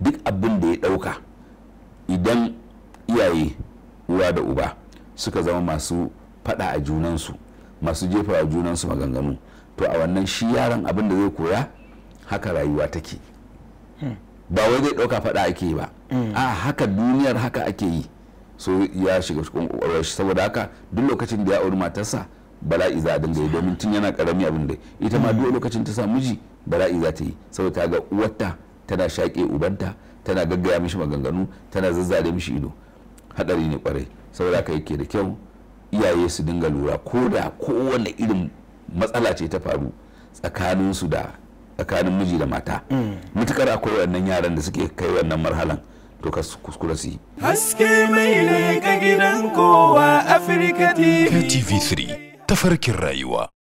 duk abin da ya dauka idan iyaye uwa da uba suka zama masu fada a junansu masu jefa a junansu maganganu to a wannan shi yaron abin da zai koya haka rayuwa take ba wai zai dauka fada ake ba mm. a haka duniyar haka ake yi so ya shiga cikin saboda haka duk lokacin da ya auri matarsa bala'i za a dinga yi domin tun yana karami abin da ita ma mm. duk lokacin ta sa miji bala'i za ta yi saboda ta ga uwarta tana shaƙe ubanta tana gaggaya mishi maganganu tana zazzare mishi ido hadari ne kwarai saboda ka yake da kyau iyaye su dinga lura ko da kowane irin matsala ce ta faru tsakanin su da tsakanin miji da mata mutukar mm. akwai wannan yaran da suke kai wannan marhalan to ka kuskura su yi haske mai ne ga gidan kowa afirka tv3 tafarkin rayuwa